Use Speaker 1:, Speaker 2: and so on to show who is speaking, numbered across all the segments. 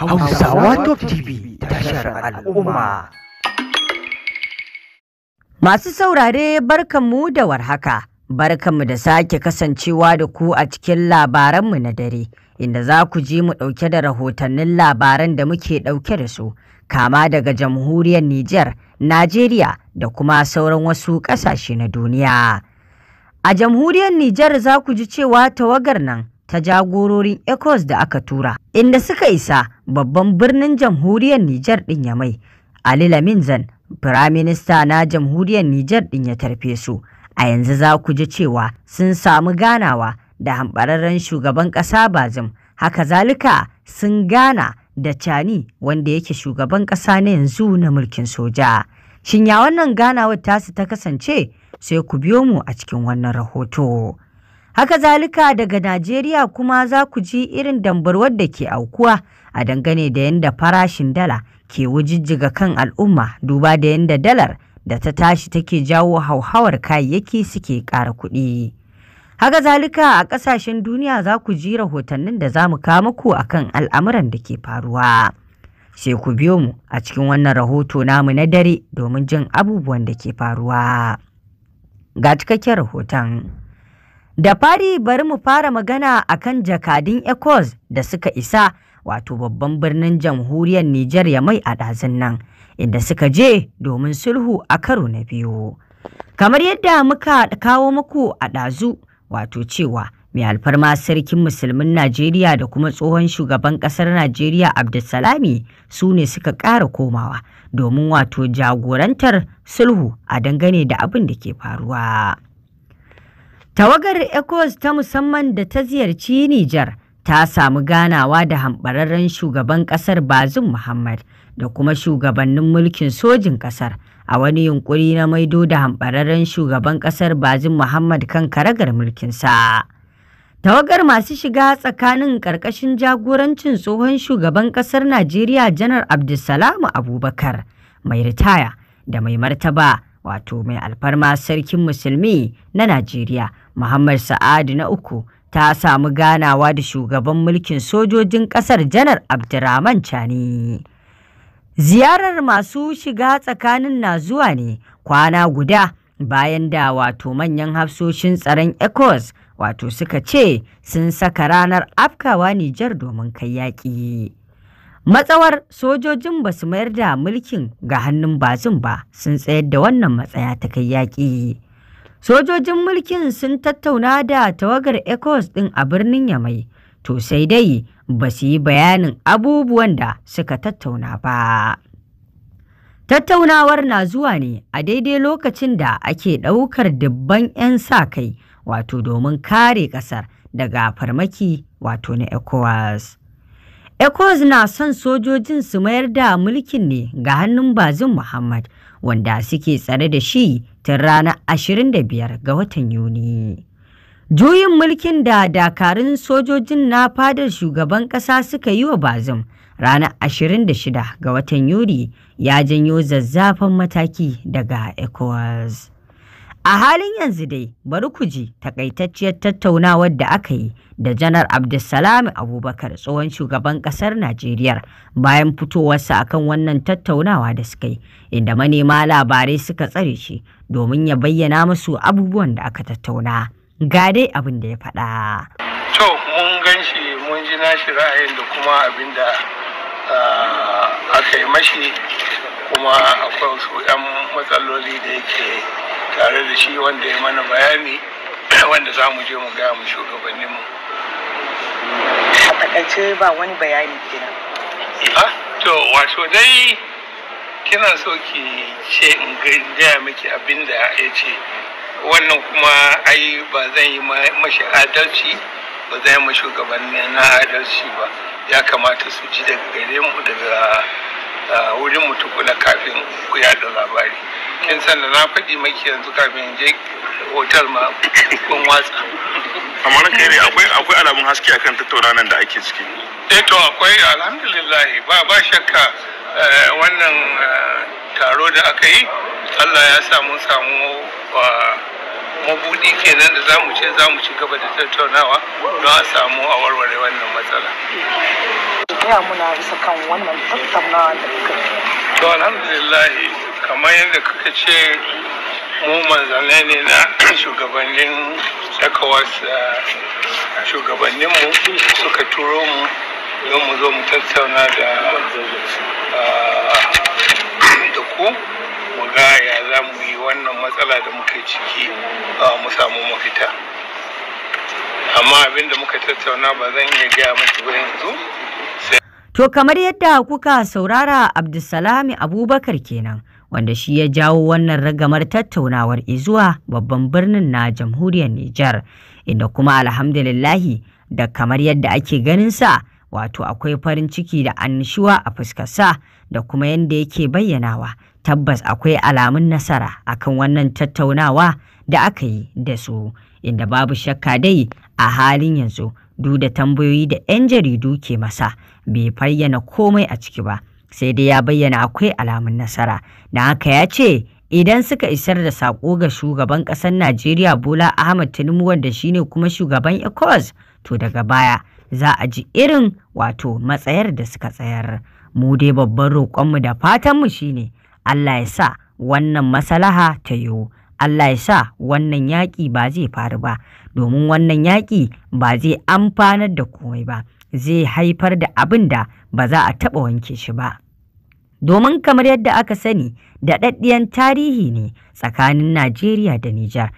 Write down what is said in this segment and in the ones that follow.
Speaker 1: Hausawa Top TV tashar al'umma. Masu saurare "Barkan mu da warhaka, barkanmu da sake kasancewa da ku a cikin labaranmu na dare, inda za ku ji mu ɗauke da rahotannin labaran da muke ɗauke da su, kama daga jamhuriyar Nijar, Najeriya da kuma sauran wasu ƙasashe na duniya. A jamhuriyar Nijar za ku ji cewa tawagar nan ta jagororin Ecos da aka tura, inda suka isa babban birnin jamhuriyar Nijar ɗin ya mai. Ali Lamin Zan, firaminista na jamhuriyar Nijar ɗin ya tarfe su. A yanzu za ku ji cewa sun samu ganawa da hambararren shugaban ƙasa Bazum. Haka zalika sun gana da Cani wanda yake shugaban ƙasa na yanzu na mulkin soja. Shin ya wannan ganawar su ta kasance sai ku biyo mu a cikin wannan rahoto. Haka zalika daga Najeriya kuma za ku ji irin dambarwar da ke aukuwa a dangane da yadda farashin dala ke wujijjiga kan al'umma duba da yadda dalar da ta tashi take jawo hauhawar kayayyaki suke ƙara kuɗi. Haka zalika a ƙasashen duniya za ku ji rahotannin da za mu muku a kan al'amuran da ke faruwa. Sai ku biyo mu a cikin wannan rahoto namu na dare domin jin abubuwan da ke faruwa. Ga cikakken rahoton. Da fari bari mu fara magana a kan jakadun Ecos da suka isa wato babban birnin jamhuriyar Nijar ya mai a ɗazin nan inda suka je domin sulhu a karo na biyu. Kamar yadda muka kawo muku a ɗazu wato cewa mai alfarma sarkin musulmin Najeriya da kuma tsohon shugaban ƙasar Najeriya Abdulsalami su ne suka ƙara komawa domin wato jagorantar sulhu a dangane da abin da ke faruwa. Tawagar Ecos ta musamman da ta ziyarci Nijar ta samu ganawa da hambararren shugaban kasar Bazum Muhammad da kuma shugabannin mulkin sojin kasar a wani yunkuri na maido da hambararren shugaban kasar Bazum Muhammad kan karagar mulkin mulkinsa. Tawagar masu shiga tsakanin ƙarƙashin jagorancin tsohon shugaban ƙasar Najeriya Janar Abdulsalamu Abubakar mai ritaya da mai martaba wato mai alfarma sarkin musulmi na Najeriya Muhammad Sa'adu na uku ta samu ganawa da shugaban mulkin sojojin ƙasar janar abdurrahman chani ziyarar masu shiga tsakanin na zuwa ne kwana guda bayan da wato manyan hafsoshin tsaron ecos wato suka ce sun saka ranar afkawa nijar domin kai yaƙi matsawar sojojin ba su mayar da mulkin ga hannun bazin ba sun tsayar da wannan matsaya ta kai yaƙi Sojojin mulkin sun tattauna da tawagar ECOWAS ɗin a birnin Yamai, to sai dai ba su yi bayanin abubuwan da suka tattauna ba. Tattaunawar na zuwa ne a daidai lokacin da ake ɗaukar dubban 'yan sa-kai wato domin kare ƙasar daga farmaki wato na ECOWAS. ecos na son sojojin su mayar da mulkin ne ga hannun bazin muhammad wanda suke tsare da shi tun ranar 25 ga watan yuni juyin mulkin da dakarun sojojin na fadar shugaban ƙasa suka yi wa bazin ranar 26 ga watan yuli ya janyo zazzafan mataki daga ecowas A halin yanzu dai bari ku ji takaitacciyar tattaunawar da aka yi da Janar Abdulsalam Abubakar tsohon shugaban ƙasar Najeriya bayan fitowarsa akan wannan tattaunawa da suka yi inda manema labarai suka tsare shi domin ya bayyana musu abubuwan da aka tattauna. Ga dai abin da ya faɗa.
Speaker 2: To mun gan shi mun ji nashi ra'ayin da kuma abin da aka yi mashi kuma akwai wasu 'yan matsaloli da yake tare da shi wanda ya mana bayani wanda za mu je mu gaya mu shugabanni mu a takaice ba wani bayani kenan ah, to wato dai kina so ki ce in gaya miki abin da ya ce wannan kuma ai ba zan yi mashi adalci ba zan yi mashi shugabanni na adalci ba ya kamata su ji daga gare mu daga ah, wurin kafin ku yada labari kin san da na faɗi maki yanzu kafin in je hotel ma kun watsa
Speaker 3: amma na kai akwai akwai alamun haske akan tattaunan da ake ciki
Speaker 2: eh to akwai alhamdulillah ba ba shakka eh, wannan eh, taro da aka yi Allah ya sa mun samu ah, mabudi kenan da zamu ce zamu ci gaba da tattaunawa don a samu a warware wannan matsala
Speaker 4: ya muna bisa kan wannan tattaunawa da kuka
Speaker 2: to alhamdulillah kamar yadda kuka ce mu manzane ne na shugabannin tsakawas shugabanninmu suka turo mu don mu zo mu tattauna da ku mu ga ya za mu yi wannan matsala da muke ciki mu samu mafita amma abin da muka tattauna ba zan iya gaya mace ba yanzu
Speaker 1: To kamar yadda kuka saurara Abdulsalami Abubakar kenan wanda shi ya jawo wannan ragamar tattaunawar izuwa babban birnin na jamhuriyar Nijar inda kuma alhamdulillahi da kamar yadda ake ganin sa wato akwai farin ciki da annishuwa a fuskarsa da kuma yadda yake bayyanawa tabbas akwai alamun nasara akan wannan tattaunawa da aka yi da su inda babu shakka dai a halin yanzu duk da tambayoyi da 'yan jaridu ke masa bai fayyana komai a ciki ba sai dai ya bayyana akwai alamun nasara na haka ya ce idan suka isar da saƙo ga shugaban ƙasar najeriya bola ahmad tinubu wanda shine kuma shugaban ecos to daga baya za a ji irin wato matsayar da suka tsayar mu dai babban roƙonmu da fatanmu shine allah ya sa wannan masalaha ta yiwu Allah ya sa wannan yaƙi ba zai faru ba, domin wannan yaƙi ba zai amfanar da komai ba, zai haifar da abin da ba za a taɓa wanke shi ba. Domin kamar yadda aka sani, daɗaɗɗiyan tarihi ne tsakanin Najeriya da Nijar,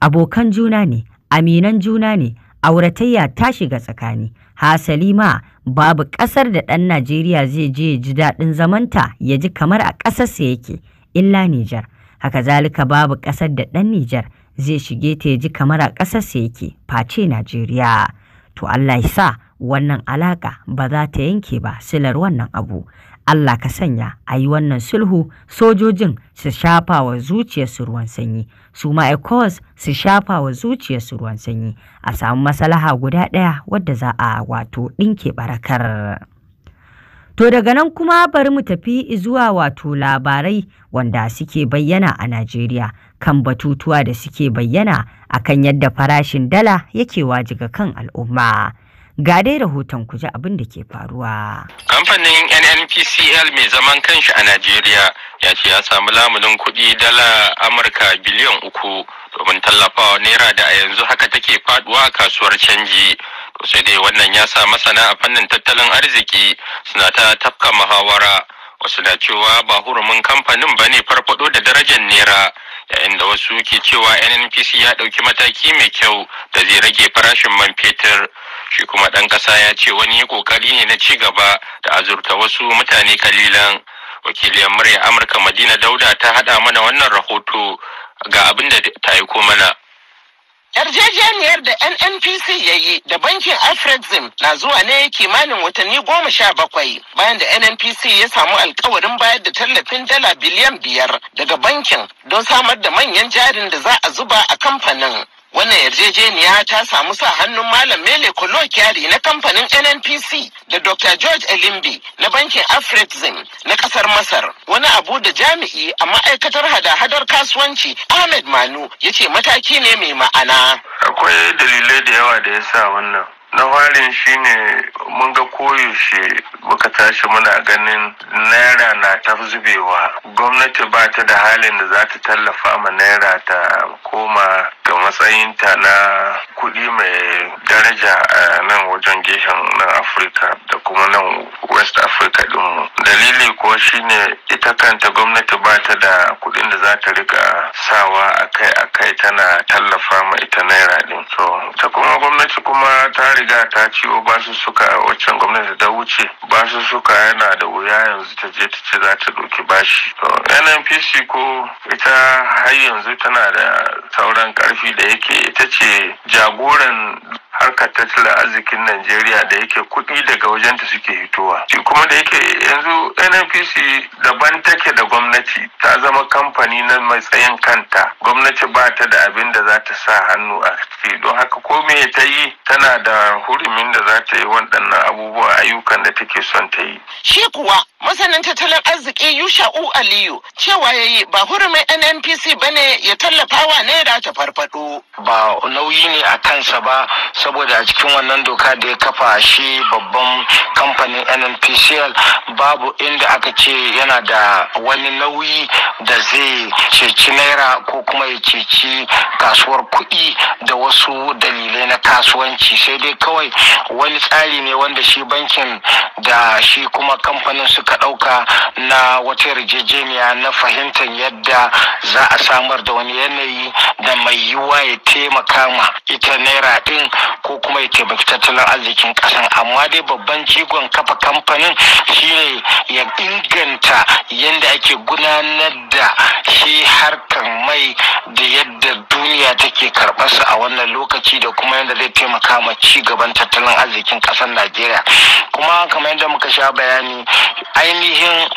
Speaker 1: abokan juna ne, aminan juna ne, auratayya ta shiga tsakani. Hasali ma babu ƙasar da ɗan Najeriya zai je ji daɗin zamanta ya ji kamar a ƙasarsa yake, illa Nijar. haka zalika babu ƙasar da ɗan Nijar zai shige ta ji kamar a ƙasarsa yake face Najeriya. To Allah ya sa wannan alaƙa ba za ta yanke ba silar wannan abu. Allah ka sanya a yi wannan sulhu sojojin su shafa wa su ruwan sanyi, su ma su shafa wa su ruwan sanyi, a samu masalaha guda ɗaya wadda za a wato ɗinke barakar. To daga nan kuma bari mu tafi zuwa wato labarai wanda suke bayyana a Najeriya kan batutuwa da suke bayyana a kan yadda farashin dala yake wajiga kan al'umma. ga dai rahoton ku ji abin da ke faruwa.
Speaker 3: Kamfanin NNPCL mai zaman kanshi a Najeriya ya ce ya samu lamunin kuɗi dala Amurka biliyan uku domin tallafawa naira da a yanzu haka take faduwa a kasuwar canji. sai dai wannan ya sa masana a fannin tattalin arziki suna ta tafka muhawara wasu na cewa ba hurumin kamfanin ba ne farfado da darajar nera. yayin da wasu ke cewa nnpc ya ɗauki mataki mai kyau da zai rage farashin man fetur shi kuma ɗan ƙasa ya ce wani ƙoƙari ne na ci gaba da azurta wasu mutane kalilan wakiliyar murya amurka madina dauda ta haɗa mana wannan rahoto ga abin da ta aiko mana
Speaker 5: Yarjejeniyar da NNPC ya yi da bankin Afrexim na zuwa ne kimanin watanni goma sha bakwai bayan da NNPC ya samu alkawarin bayar da tallafin dala biliyan biyar daga bankin don samar da manyan jarin da za a zuba a kamfanin. wannan yarjejeniya ta samu sa hannun malam mele kolo kyari na kamfanin nnpc da dr george elimbi na bankin afrexim na kasar masar wani abu da jami'i a ma'aikatar hada-hadar kasuwanci ahmed manu ya ce mataki ne mai ma'ana akwai dalilai
Speaker 3: da yawa da ya sa wannan na farin ne mun ga koyaushe muka tashi muna ganin naira na ta zubewa gwamnati ba ta da halin da za ta tallafa ma naira ta koma ga matsayinta na kuɗi mai daraja a nan wajen gehen nan afirka da kuma nan west africa dinmu dalili kuwa ne ita kanta gwamnati ba ta da kuɗin da za ta rika sawa akai-akai tana tallafa ma ita naira gwamnati kuma ta riga ta ciwo basu suka waccan gwamnati ta wuce basu suka yana da wuya yanzu ta je ta ce za ta ɗauki bashi nnpc ko ita har yanzu tana da sauran karfi da yake ita ce jagoran harkar tattalin arzikin Najeriya da yake kuɗi daga wajenta suke hitowa. Shi kuma da yake yanzu NNPC daban take da gwamnati ta zama kamfani na mai tsayin kanta. Gwamnati ba ta da abin da za ta sa hannu a ciki don haka ko me ta yi tana da hurumin da za ta yi waɗannan abubuwa ayyukan da take son ta yi.
Speaker 5: Shi kuwa masanin tattalin arziki yusha u Aliyu cewa ya yi ba hurumin NNPC bane ya tallafa tallafawa naira ta farfado. Ba nauyi ne a kansa ba
Speaker 4: saboda a cikin wannan doka da ya kafa shi babban kamfanin nnpcl babu inda aka ce yana da wani nauyi da zai ceci naira ko kuma ya ceci kasuwar kuɗi da wasu dalilai na kasuwanci sai dai kawai wani tsari ne wanda shi bankin da shi kuma kamfanin suka ɗauka na wata yarjejeniya na fahimtar yadda za a samar da wani yanayi da mai yiwuwa ya taimaka ma ita naira ɗin ko kuma ya taimaki tattalin arzikin kasan amma dai babban jigon kafa kamfanin shine ya inganta yadda ake gudanar da shi harkar mai da yadda duniya take karɓarsa a wannan lokaci da kuma yadda zai taimaka ma ci gaban tattalin arzikin ƙasar najeriya kuma kamar yadda muka sha bayani ainihin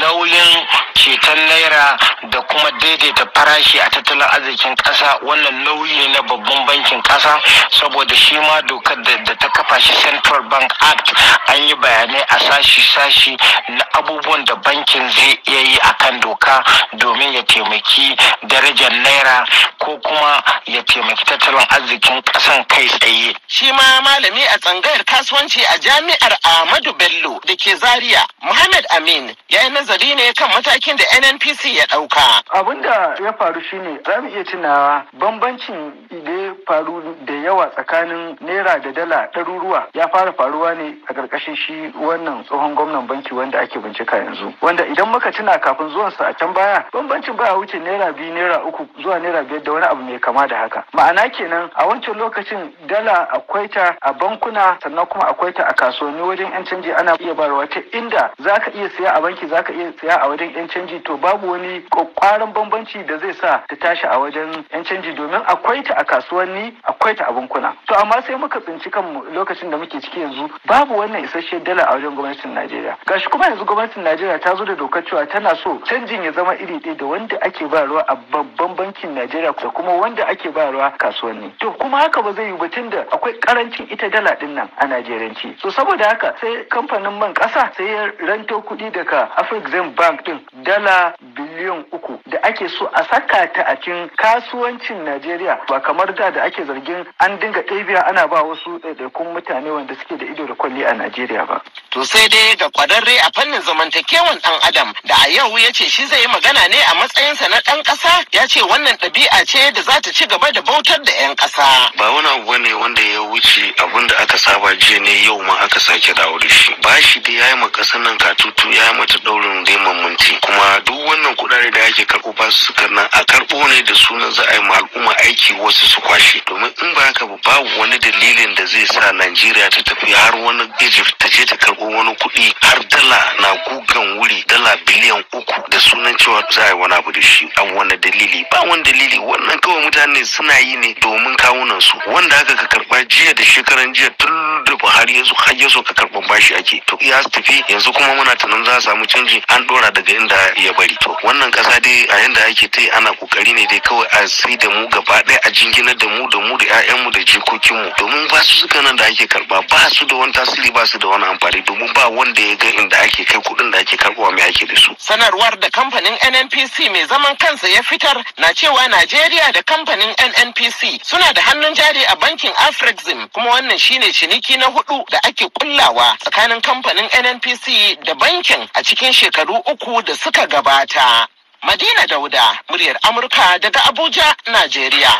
Speaker 4: nauyin ceton naira da kuma daidaita farashi a tattalin arzikin ƙasa wannan nauyi ne na babban bankin ƙasa saboda shi ma dokar da ta kafa shi central bank act an yi bayanai a sashi-sashi na abubuwan da bankin zai iya yi a kan doka domin ya taimaki darajar naira ko kuma ya taimaki tattalin arzikin ƙasan kai
Speaker 5: tsaye shi ma malami a tsangayar kasuwanci a jami'ar ahmadu bello da ke zaria muhammad Amin ya yi nazari ne kan matakin da NNPC ya ɗauka. Abin
Speaker 6: da ya faru shine za mu iya tunawa bambancin da ya faru da yawa tsakanin naira da dala ɗaruruwa ya fara faruwa ne a ƙarƙashin shi wannan tsohon gwamnan banki wanda ake bincika yanzu. Wanda idan muka tuna kafin zuwansa a can baya bambancin baya wuce naira biyu naira uku zuwa naira biyar da wani abu mai kama da haka. Ma'ana kenan a wancan lokacin dala akwai ta a bankuna sannan kuma akwai ta a kasuwanni wajen 'yan canji ana iya barawa ta inda za ka iya siya a banki zaka iya siya a wajen yan canji to babu wani kwakwaran bambanci da zai sa ta tashi a wajen yan canji domin akwai ta a kasuwanni akwai ta a bankuna to amma sai muka tsinci kanmu lokacin da muke ciki yanzu babu wannan isasshen dala a wajen gwamnatin Najeriya gashi kuma yanzu gwamnatin Najeriya ta zo da dokar cewa tana so canjin ya zama iri ɗaya da wanda ake ba ruwa a babban bankin Najeriya da kuma wanda ake ba ruwa kasuwanni to kuma haka ba zai yi ba da akwai karancin ita dala dinnan nan a Najeriyanci so saboda haka sai kamfanin man kasa sai ya ranto kuɗi kudi daga afrexim bank din dala biliyan uku da ake so a saka ta a cikin kasuwancin najeriya ba kamar da da ake zargin an dinga ɗabiya
Speaker 5: ana ba wasu ɗaiɗaikun mutane wanda suke da ido da kwalli a najeriya ba to sai dai ga kwararre a fannin zamantakewan ɗan adam da a yau ya ce shi zai yi magana ne a matsayinsa na ɗan ƙasa ya ce wannan ɗabi'a ce da za ta ci gaba da bautar da 'yan ƙasa ba wani abu ne wanda
Speaker 3: ya wuce abin da aka saba jiya ne yau ma aka sake dawo da shi ba shi da ya yi ma ƙasar nan katutu ya mata daurin reman minti kuma duk wannan kudare da ake karbo ba su nan a karɓo ne da sunan za a yi al'umma aiki wasu su kwashe domin in ba haka babu wani dalilin da zai sa Najeriya ta tafi har wani Egypt ta je ta karɓo wani kuɗi har dala na gugan wuri dala biliyan uku da sunan cewa za a yi wani abu da shi a wani dalili ba wani dalili wannan kawai mutane suna yi ne domin kawunan su wanda aka ka karba jiya da shekaran jiya tun da Buhari yanzu har yanzu ka karɓan bashi ake to ya tafi yanzu kuma muna tunanin idan za a samu canji an dora daga inda ya bari to wannan kasa dai a yanda ake ta ana kokari ne dai kawai a sai da mu gaba ɗaya a jinginar da mu da mu da ƴaƴanmu da jikokinmu domin ba su suka nan da ake karba ba su da wani tasiri ba su da wani amfani domin ba wanda ya ga inda ake kai kuɗin da ake karɓuwa mai ake da su.
Speaker 5: Sanarwar da kamfanin NNPC mai zaman kansa ya fitar na cewa Najeriya da kamfanin NNPC suna da hannun jari a bankin Afrexim kuma wannan shine ciniki na hudu da ake kullawa tsakanin kamfanin NNPC da bankin aikin a cikin shekaru uku da suka gabata. Madina Dauda, muryar Amurka daga Abuja,
Speaker 7: Najeriya.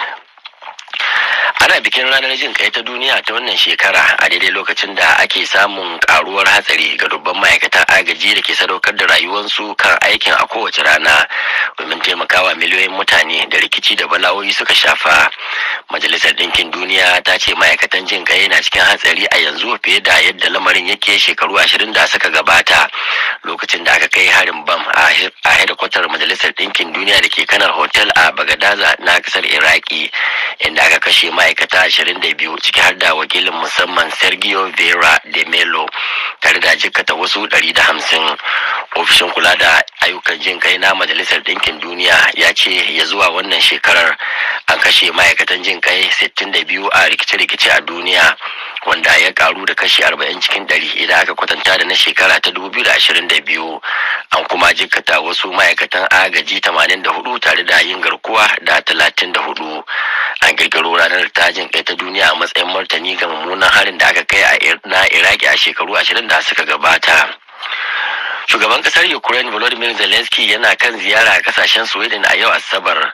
Speaker 7: ana bikin ranar jin kai ta duniya ta wannan shekara a daidai lokacin da ake samun karuwar hatsari ga dubban ma'aikatan agaji da ke sadaukar da rayuwarsu kan aikin a kowace rana domin taimakawa miliyoyin mutane da rikici da bala'o'i suka shafa majalisar ɗinkin duniya ta ce ma'aikatan jin kai na cikin hatsari a yanzu fiye da yadda lamarin yake shekaru ashirin da suka gabata lokacin da aka kai harin bam a hedikwatar majalisar ɗinkin duniya da ke kanar hotel a bagadaza na kasar iraki inda da aka kashe ma'aikata 22 ciki har da wakilin musamman Sergio Vera de Melo tare da jikata wasu 150 ofishin kula da ayyukan jin kai na majalisar Dinkin duniya ya ce ya zuwa wannan shekarar an kashe ma'aikatan jin kai 62 a rikice-rikice a duniya wanda ya karu da kashi 40 cikin 100 idan aka kwatanta da na shekara ta 2022 an kuma jikata wasu ma'aikatan agaji 84 tare da yin garkuwa da 34 an kirkiro ranar ta jin kai ta duniya a matsayin martani ga mummunan harin da aka kai na iraki a shekaru ashirin da suka gabata shugaban kasar ukraine volodymyr zelensky yana kan ziyara a kasashen sweden a yau asabar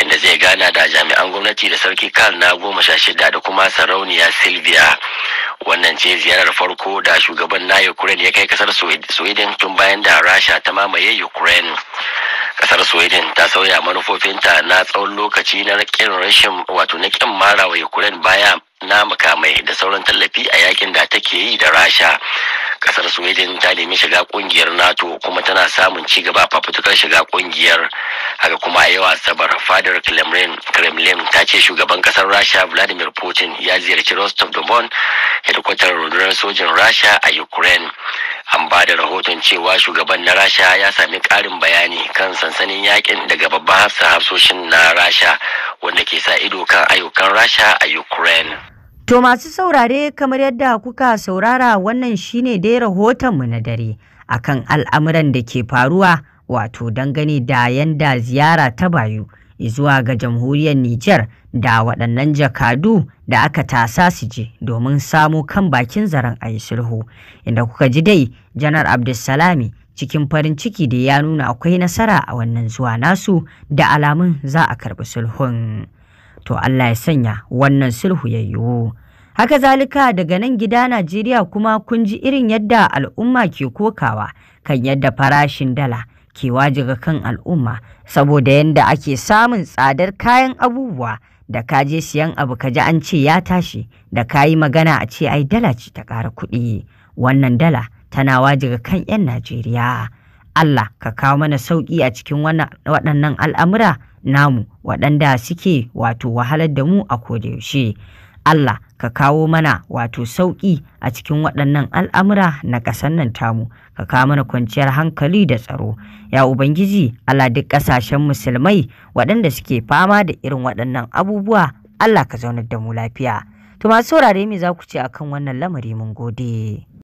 Speaker 7: inda zai gana da jami'an gwamnati da sarki karl na goma sha shida da kuma sarauniya sylvia wannan ce ziyarar farko da shugaban na ukraine ya kai kasar sweden tun bayan da rasha ta mamaye ukraine kasar sweden ta sauya manufofinta na tsawon lokaci na kin rashin wato na kin mara wa ukraine baya na makamai da sauran tallafi a yakin da take yi da rasha kasar sweden ta nemi shiga kungiyar nato kuma tana samun ci gaba fafutukar shiga kungiyar haka kuma a yau asabar fadar kremlin kremlin ta ce shugaban kasar rasha vladimir putin ya ziyarci rostov don hedkwatar rundunar sojin rasha a ukraine an ba da rahoton cewa shugaban na rasha ya sami ƙarin bayani kan sansanin yakin daga babban hafsa hafsoshin na rasha wanda ke sa ido kan ayyukan rasha a ukraine
Speaker 1: to masu saurare kamar yadda kuka saurara wannan shine dai rahoton mu na dare akan al'amuran da ke faruwa wato dangane da yanda ziyara ta bayu zuwa ga jamhuriyar niger da waɗannan jakadu da aka tasa su je domin samo kan bakin zaren a yi sulhu inda kuka ji dai janar abdulsalami cikin farin ciki da ya nuna akwai nasara a wannan zuwa nasu da alamun za a karɓi sulhun to allah ya sanya wannan sulhu ya yiwu haka zalika daga nan gida najeriya kuma kun ji irin yadda al'umma ke kokawa kan yadda farashin dala ke wajiga kan al'umma saboda yadda ake samun tsadar kayan abubuwa da ka je siyan abu ka ji an ce ya tashi da ka yi magana a ce ai dala ce ta ƙara kuɗi wannan dala tana wajiga kan 'yan najeriya allah ka kawo mana sauƙi a cikin waɗannan al'amura namu waɗanda suke wato wahalar da mu a kodayaushe Allah ka kawo mana wato sauƙi a cikin waɗannan al'amura na ƙasar nan tamu ka kawo mana kwanciyar hankali da tsaro ya ubangiji Allah duk ƙasashen musulmai waɗanda suke fama da irin waɗannan abubuwa Allah ka zaunar da mu lafiya to masu saurare me za ku ce akan wannan lamari mun gode